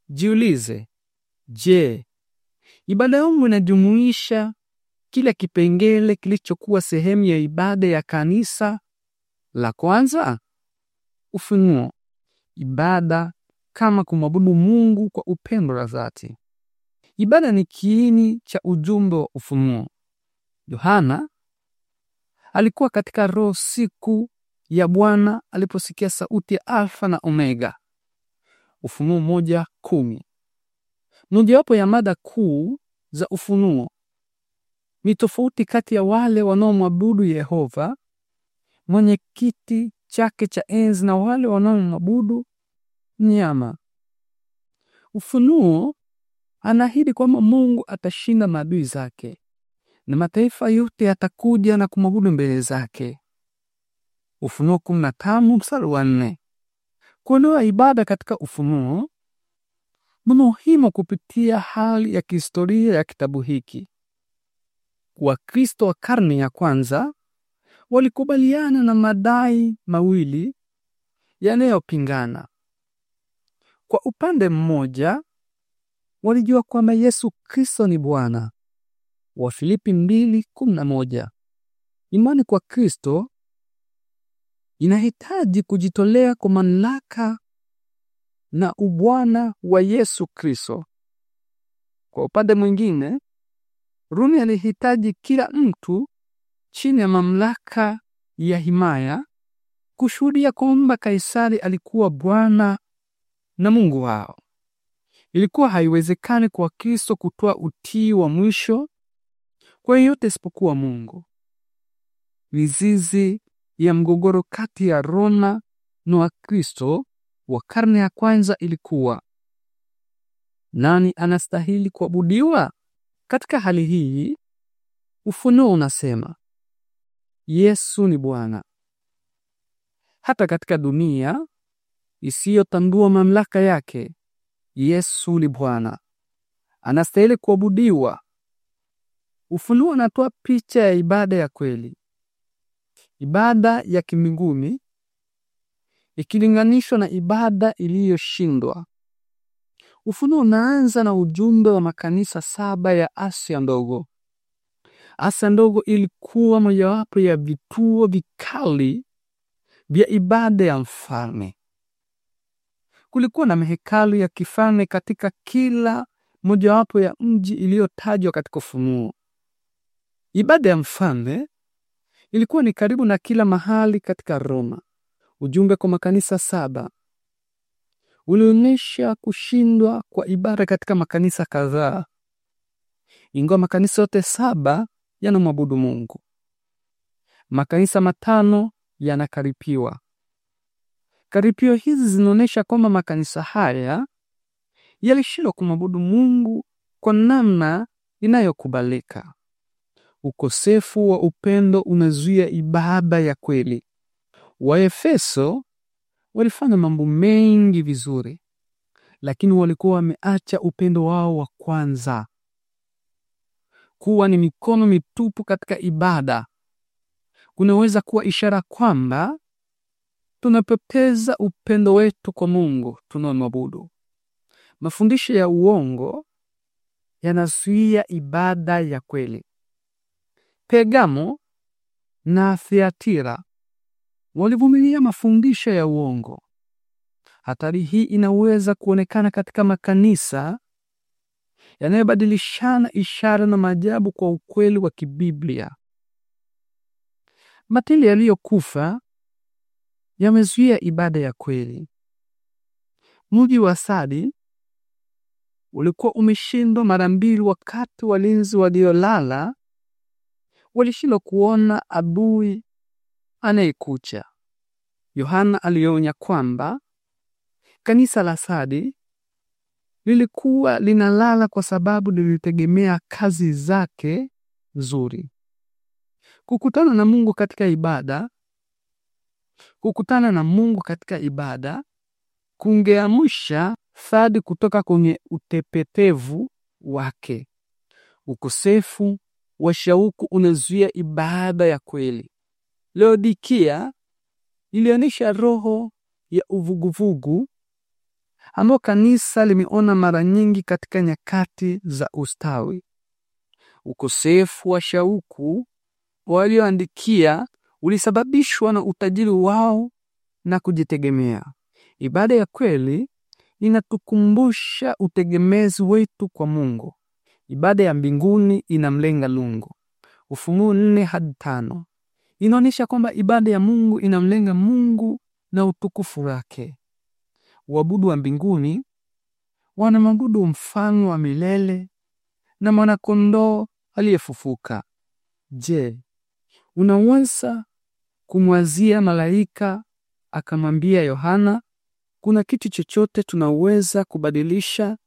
Jiulize, je, ibada yangu inajumuisha kila kipengele kilichokuwa sehemu ya ibada ya kanisa la kwanza? Ufunuo. Ibada kama kumwabudu Mungu kwa upendo la dhati. Ibada ni kiini cha ujumbe wa ufunuo. Yohana alikuwa katika roho siku ya Bwana aliposikia sauti ya Alfa na Omega. Ufunuo moja kumi. Mojawapo ya mada kuu za ufunuo ni tofauti kati ya wale wanaomwabudu Yehova mwenye kiti chake cha enzi na wale wanaomwabudu nyama. Ufunuo anaahidi kwamba Mungu atashinda maadui zake na mataifa yote yatakuja na kumwabudu mbele zake. Ufunuo 15 mstari wa 4. Kuondoa ibada katika Ufunuo ni muhimu kupitia hali ya kihistoria ya kitabu hiki. Wakristo wa karne ya kwanza walikubaliana na madai mawili yanayopingana. Kwa upande mmoja walijua kwamba Yesu Kristo ni Bwana wa Filipi 2:11. Imani kwa Kristo inahitaji kujitolea kwa mamlaka na ubwana wa Yesu Kristo. Kwa upande mwingine, Rumi alihitaji kila mtu chini ya mamlaka ya himaya kushuhudia kwamba Kaisari alikuwa bwana na Mungu wao. Ilikuwa haiwezekani kwa Kristo kutoa utii wa mwisho kwa yeyote isipokuwa Mungu. Mizizi ya mgogoro kati ya Roma na Wakristo wa karne ya kwanza ilikuwa nani anastahili kuabudiwa? Katika hali hii, Ufunuo unasema Yesu ni Bwana. Hata katika dunia isiyotambua mamlaka yake. Yesu ni Bwana, anastahili kuabudiwa. Ufunuo unatoa picha ya ibada ya kweli, ibada ya kimbinguni ikilinganishwa na ibada iliyoshindwa. Ufunuo unaanza na ujumbe wa makanisa saba ya Asia Ndogo. Asia Ndogo ilikuwa mojawapo ya vituo vikali vya ibada ya mfalme. Kulikuwa na mahekalu ya kifalme katika kila mojawapo ya mji iliyotajwa katika Ufunuo. Ibada ya mfalme ilikuwa ni karibu na kila mahali katika Roma. Ujumbe kwa makanisa saba ulionyesha kushindwa kwa ibada katika makanisa kadhaa, ingawa makanisa yote saba yanamwabudu Mungu. Makanisa matano yanakaripiwa. Karipio hizi zinaonyesha kwamba makanisa haya yalishindwa kumwabudu Mungu kwa namna inayokubalika. Ukosefu wa upendo unazuia ibada ya kweli. Waefeso walifanya mambo mengi vizuri, lakini walikuwa wameacha upendo wao wa kwanza, kuwa ni mikono mitupu katika ibada kunaweza kuwa ishara kwamba tunapoteza upendo wetu kwa Mungu tunamwabudu. Mafundisho ya uongo yanazuia ibada ya kweli. Pergamo na Thiatira walivumilia mafundisho ya uongo. Hatari hii inaweza kuonekana katika makanisa yanayobadilishana ishara na maajabu kwa ukweli wa kibiblia. Matili yaliyokufa yamezuia ibada ya kweli. Mji wa sadi ulikuwa umeshindwa mara mbili, wakati walinzi waliolala walishindwa kuona adui anayekucha. Yohana alionya kwamba kanisa la sadi lilikuwa linalala kwa sababu lilitegemea kazi zake nzuri. Kukutana na Mungu katika ibada Kukutana na Mungu katika ibada kungeamsha Thadi kutoka kwenye utepetevu wake. Ukosefu wa shauku unazuia ibada ya kweli. Laodikia ilionyesha roho ya uvuguvugu ambayo kanisa limeona mara nyingi katika nyakati za ustawi. Ukosefu wa shauku walioandikia ulisababishwa na utajiri wao na kujitegemea. Ibada ya kweli inatukumbusha utegemezi wetu kwa Mungu. Ibada ya mbinguni inamlenga Mungu. Ufunuo nne hadi tano inaonyesha kwamba ibada ya Mungu inamlenga Mungu na utukufu wake. Waabudu wa mbinguni wanamwabudu mfano wa milele na mwanakondoo aliyefufuka. Je, unaweza kumwazia malaika akamwambia Yohana, kuna kitu chochote tunaweza kubadilisha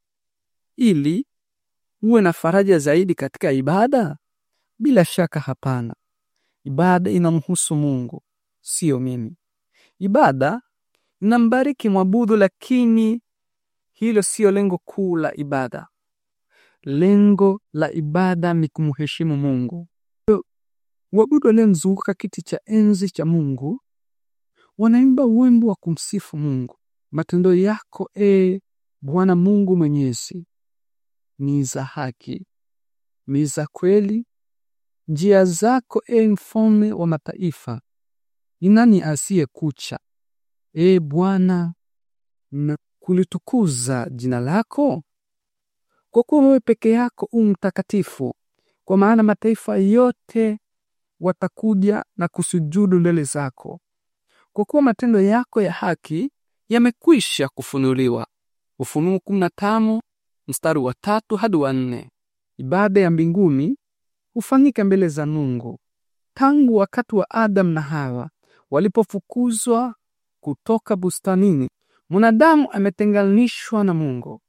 ili uwe na faraja zaidi katika ibada? Bila shaka hapana. Ibada inamhusu Mungu, sio mimi. Ibada inambariki mwabudu, lakini hilo sio lengo kuu la ibada. Lengo la ibada ni kumheshimu Mungu. Waabudu waliomzunguka kiti cha enzi cha Mungu wanaimba wimbo wa kumsifu Mungu. Matendo yako e Bwana Mungu Mwenyezi ni za haki, ni za kweli. Njia zako e mfalme wa mataifa, ni nani asiyekucha? E Bwana, na kulitukuza jina lako, kwa kuwa wewe peke yako u mtakatifu, kwa maana mataifa yote watakuja na kusujudu mbele zako, kwa kuwa matendo yako ya haki yamekwisha kufunuliwa. Ufunuo 15 mstari wa tatu hadi wa nne. Ibada ya mbinguni hufanyika mbele za Mungu tangu wakati wa Adamu na Hawa walipofukuzwa kutoka bustanini. Mwanadamu ametenganishwa na Mungu.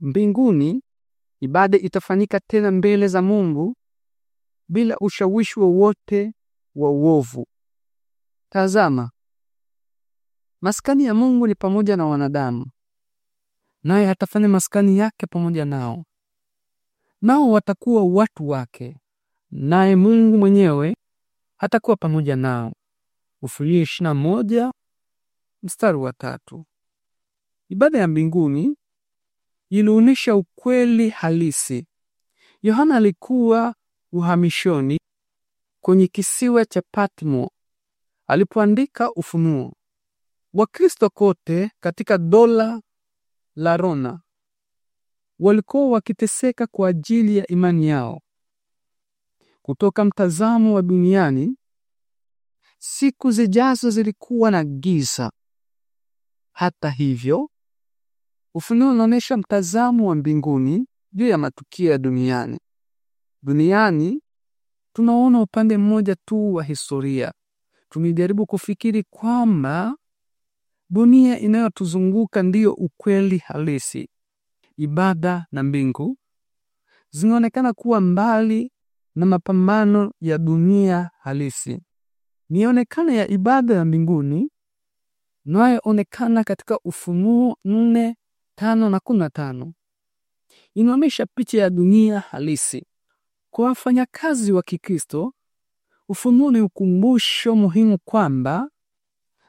Mbinguni ibada itafanyika tena mbele za Mungu bila ushawishi wowote wa uovu. Tazama, maskani ya Mungu ni pamoja na wanadamu, naye hatafanya maskani yake pamoja nao, nao watakuwa watu wake, naye Mungu mwenyewe hatakuwa pamoja nao. Ufunuo ishirini na moja mstari wa tatu. Ibada ya mbinguni ilionyesha ukweli halisi. Yohana alikuwa uhamishoni kwenye kisiwa cha Patmo alipoandika Ufunuo. Wakristo kote katika dola la rona walikuwa wakiteseka kwa ajili ya imani yao. Kutoka mtazamo wa duniani, siku zijazo zilikuwa na giza. Hata hivyo, Ufunuo unaonesha mtazamo wa mbinguni juu ya matukio ya duniani. Duniani tunaona upande mmoja tu wa historia. Tumejaribu kufikiri kwamba dunia inayotuzunguka ndiyo ukweli halisi. Ibada na mbingu zinaonekana kuwa mbali na mapambano ya dunia halisi. Mionekano ya ibada ya mbinguni nayoonekana katika Ufunuo nne tano na kumi na tano inaonyesha picha ya dunia halisi. Kwa wafanyakazi wa Kikristo, ufunuo ni ukumbusho muhimu kwamba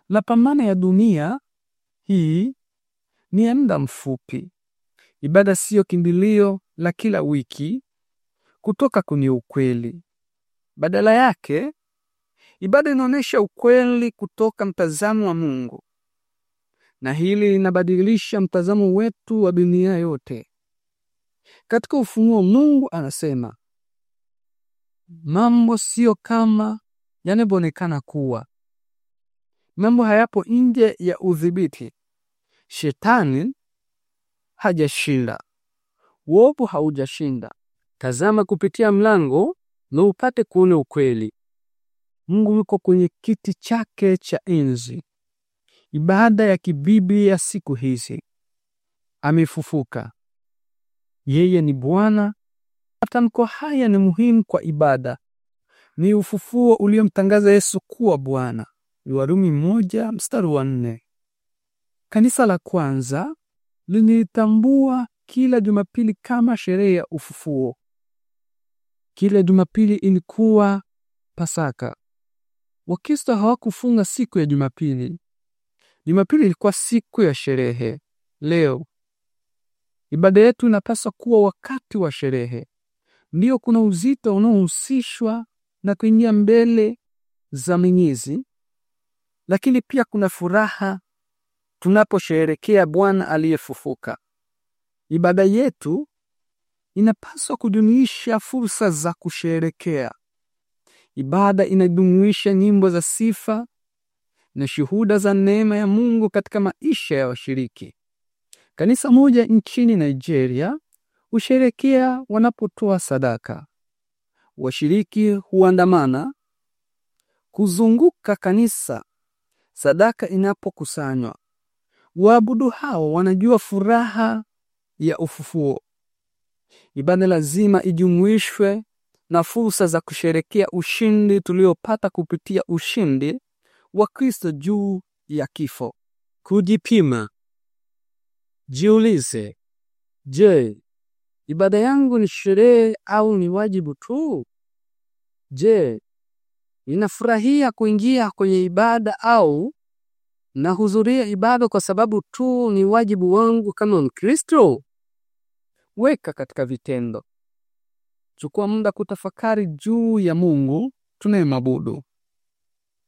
la pamana ya dunia hii ni ya muda mfupi. Ibada siyo kimbilio la kila wiki kutoka kwenye ukweli. Badala yake, ibada inaonyesha ukweli kutoka mtazamo wa Mungu, na hili linabadilisha mtazamo wetu wa dunia yote. Katika ufunuo, Mungu anasema mambo sio kama yanavyoonekana kuwa. Mambo hayapo nje ya udhibiti. Shetani hajashinda, wovu haujashinda. Tazama kupitia mlango na upate kuona ukweli. Mungu yuko kwenye kiti chake cha enzi. Ibada ya kibibi ya siku hizi, amefufuka. Yeye ni Bwana Matamko haya ni muhimu kwa ibada. Ni ufufuo uliomtangaza Yesu kuwa Bwana. Warumi moja mstari wa nne. Kanisa la kwanza linitambua kila Jumapili kama sherehe ya ufufuo. Kila Jumapili ilikuwa Pasaka. Wakristo hawakufunga siku ya Jumapili. Jumapili ilikuwa siku ya sherehe. Leo ibada yetu inapaswa kuwa wakati wa sherehe ndio kuna uzito unaohusishwa na kuingia mbele za Mwenyezi, lakini pia kuna furaha tunaposherekea Bwana aliyefufuka. Ibada yetu inapaswa kujumuisha fursa za kusherekea. Ibada inajumuisha nyimbo za sifa na shuhuda za neema ya Mungu katika maisha ya washiriki. Kanisa moja nchini Nigeria husherekea wanapotoa sadaka. Washiriki huandamana kuzunguka kanisa sadaka inapokusanywa. Waabudu hao wanajua furaha ya ufufuo. Ibada lazima ijumuishwe na fursa za kusherekea ushindi tuliopata kupitia ushindi wa Kristo juu ya kifo. Kujipima. Jiulize, je, Ibada yangu ni sherehe au ni wajibu tu? Je, ninafurahia kuingia kwenye ibada au nahudhuria ibada kwa sababu tu ni wajibu wangu kama Mkristo? Weka katika vitendo. Chukua muda kutafakari juu ya Mungu tunayemwabudu.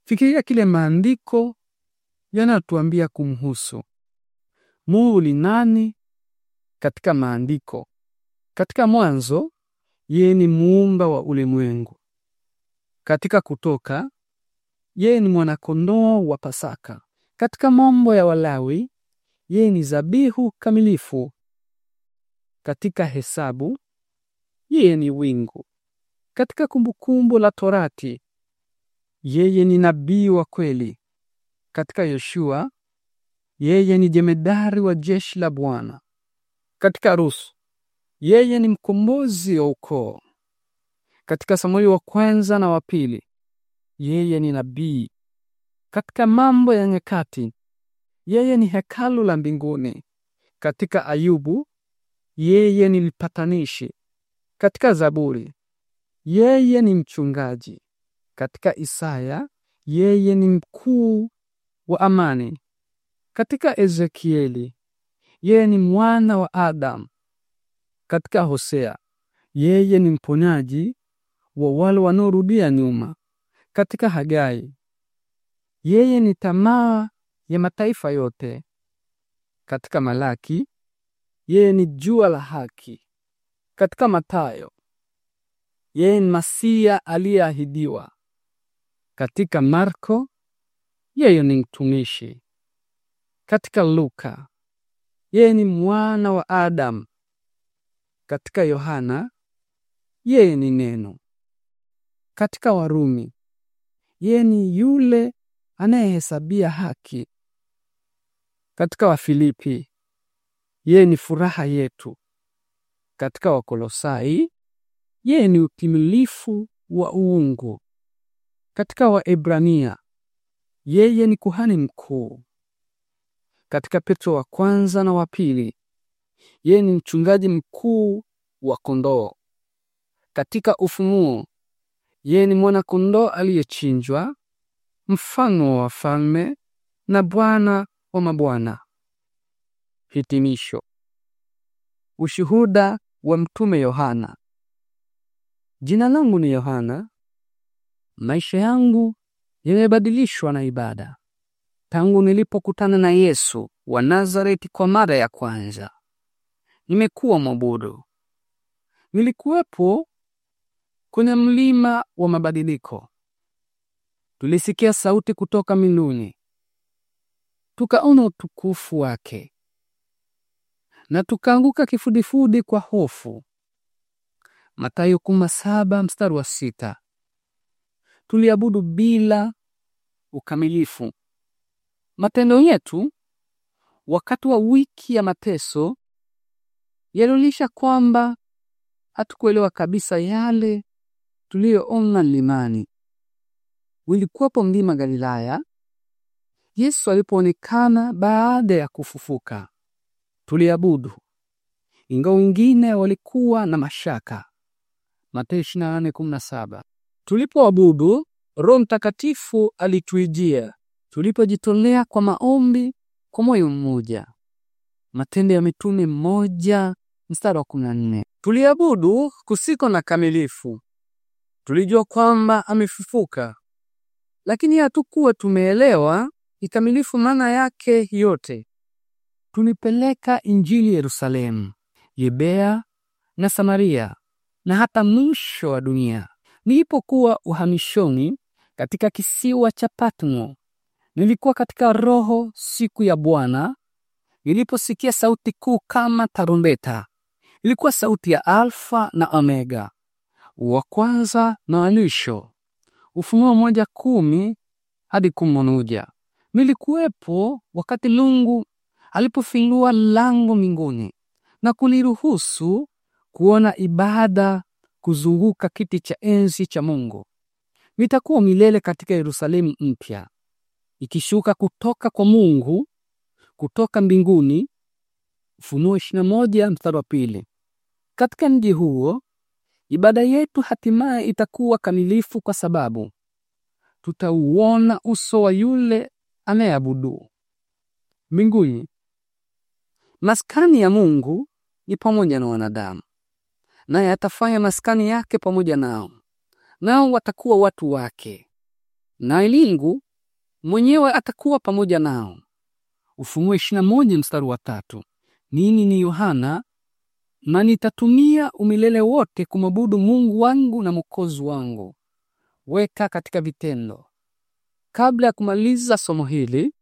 Fikiria kile maandiko yanatuambia kumhusu. Mungu ni nani katika maandiko? Katika Mwanzo, yeye ni muumba wa ulimwengu. Katika Kutoka, yeye ni mwanakondoo wa Pasaka. Katika Mambo ya Walawi, yeye ni zabihu kamilifu. Katika Hesabu, yeye ni wingu. Katika Kumbukumbu la Torati, yeye ni nabii wa kweli. Katika Yoshua, yeye ni jemedari wa jeshi la Bwana. Katika Rusu, yeye ni mkombozi wa ukoo. Katika Samueli wa kwanza na wa pili, yeye ni nabii. Katika Mambo ya Nyakati, yeye ni hekalu la mbinguni. Katika Ayubu, yeye ni mpatanishi. Katika Zaburi, yeye ni mchungaji. Katika Isaya, yeye ni mkuu wa amani. Katika Ezekieli, yeye ni mwana wa Adamu katika Hosea. Yeye ni mponyaji wa wale wanaorudia nyuma. Katika Hagai, yeye ni tamaa ya mataifa yote. Katika Malaki, yeye ni jua la haki. Katika matayo yeye ni Masia aliyeahidiwa. Katika Marko, yeye ni mtumishi. Katika Luka, yeye ni mwana wa Adamu katika Yohana, yeye ni neno. Katika Warumi, yeye ni yule anayehesabia haki. Katika Wafilipi, yeye ni furaha yetu. Katika Wakolosai, yeye ni utimilifu wa uungu. Katika Waebrania, yeye ni kuhani mkuu. Katika Petro wa kwanza na wa pili, yeye ni mchungaji mkuu wa kondoo. Katika ufunuo, yeye ni mwana kondoo aliyechinjwa, mfano wa wafalme na bwana wa mabwana. Hitimisho. Ushuhuda wa Mtume Yohana. Jina langu ni Yohana. Maisha yangu yamebadilishwa na ibada tangu nilipokutana na Yesu wa Nazareti kwa mara ya kwanza nimekuwa mwabudu. Nilikuwepo kwenye mlima wa mabadiliko, tulisikia sauti kutoka mbinguni, tukaona utukufu wake na tukaanguka kifudifudi kwa hofu. Mathayo saba mstari wa sita. Tuliabudu bila ukamilifu. Matendo yetu wakati wa wiki ya mateso yalionyesha kwamba hatukuelewa kabisa yale tuliyoona mlimani. Ulikuwepo mlima Galilaya Yesu alipoonekana baada ya kufufuka, tuliabudu, ingawa wengine walikuwa na mashaka. Mathayo 28:17. Tulipoabudu, Roho Mtakatifu alituijia tulipojitolea kwa maombi kwa moyo mmoja. Matendo ya Mitume moja mstari wa 14. Tuliabudu kusiko na kamilifu, tulijua kwamba amefufuka, lakini hatukuwa tumeelewa ikamilifu maana yake yote. Tulipeleka injili Yerusalemu, Yebea na Samaria na hata mwisho wa dunia. Nilipokuwa uhamishoni katika kisiwa cha Patmo, nilikuwa katika roho siku ya Bwana niliposikia sauti kuu kama tarumbeta ilikuwa sauti ya Alfa na Omega, wa kwanza na mwisho. Ufunuo moja kumi hadi kumi na moja. Nilikuwepo wakati Lungu alipofungua lango mbinguni na kuniruhusu kuona ibada kuzunguka kiti cha enzi cha Mungu. Nitakuwa milele katika Yerusalemu mpya ikishuka kutoka kwa Mungu kutoka mbinguni. Ufunuo 21 mstari wa pili. Katika mji huo ibada yetu hatimaye itakuwa kamilifu, kwa sababu tutauona uso wa yule anayeabudu mbinguni. Maskani ya Mungu ni pamoja na wanadamu, naye atafanya maskani yake pamoja nao, nao watakuwa watu wake, na ilingu mwenyewe atakuwa pamoja nao. Ufunuo 21 mstari wa tatu. Nini ni Yohana na nitatumia umilele wote kumwabudu Mungu wangu na Mwokozi wangu. Weka katika vitendo. Kabla ya kumaliza somo hili,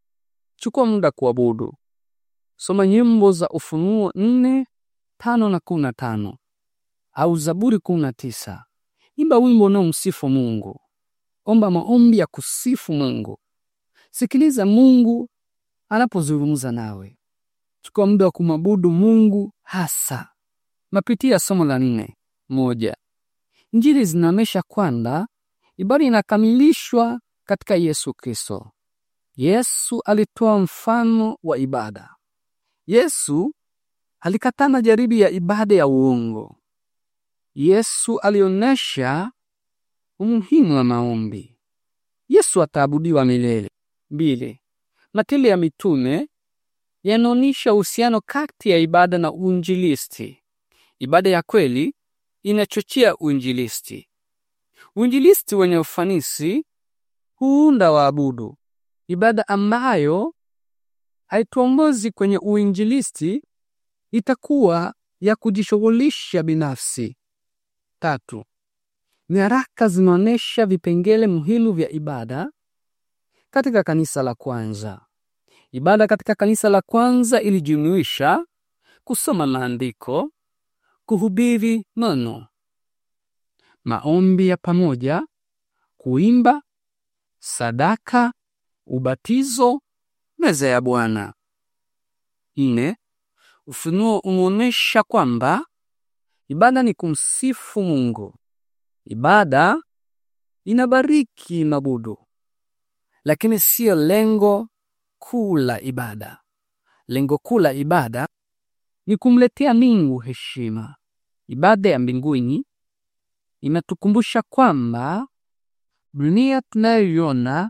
chukua muda kuabudu. Soma nyimbo za Ufunuo nne tano na kumi na tano au Zaburi kumi na tisa. Imba wimbo unaomsifu Mungu. Omba maombi ya kusifu Mungu. Sikiliza Mungu anapozungumza nawe. Chukua muda wa kumwabudu Mungu hasa Mapitia somo la nne. Moja, Injili zinaonyesha kwanda ibada inakamilishwa katika Yesu Kristo. Yesu alitoa mfano wa ibada. Yesu alikataa majaribu ya ibada ya uongo. Yesu alionesha umuhimu wa maombi. Yesu ataabudiwa milele. Mbili, Matendo ya Mitume yanaonyesha uhusiano kati ya ibada na uinjilisti. Ibada ya kweli inachochea uinjilisti. Uinjilisti wenye ufanisi huunda waabudu. Ibada ambayo haituongozi kwenye uinjilisti itakuwa ya kujishughulisha binafsi. Tatu, nyaraka zinaonyesha vipengele muhimu vya ibada katika kanisa la kwanza. Ibada katika kanisa la kwanza ilijumuisha kusoma maandiko, kuhubiri neno, maombi ya pamoja, kuimba, sadaka, ubatizo, meza ya Bwana. Nne, ufunuo unaonesha kwamba ibada ni kumsifu Mungu. Ibada inabariki mabudu, lakini siyo lengo kuu la ibada. Lengo kuu la ibada ni kumletea Mungu heshima. Ibada ya mbinguni inatukumbusha kwamba dunia tunayoiona